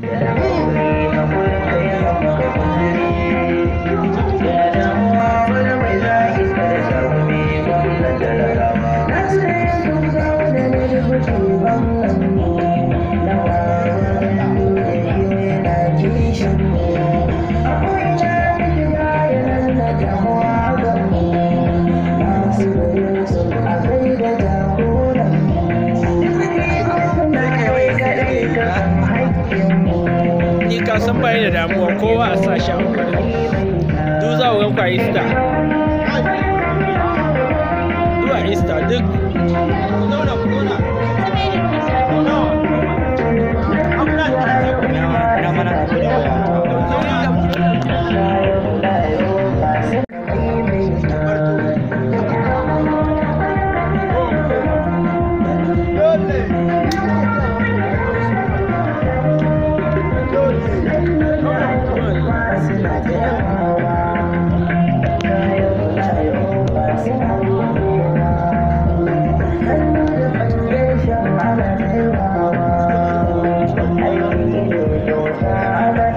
Yeah. Ka san bayi da damuwa kowa a sa shi amfani duza wurin kwa ista duwa ista duk ku zauna ku zauna I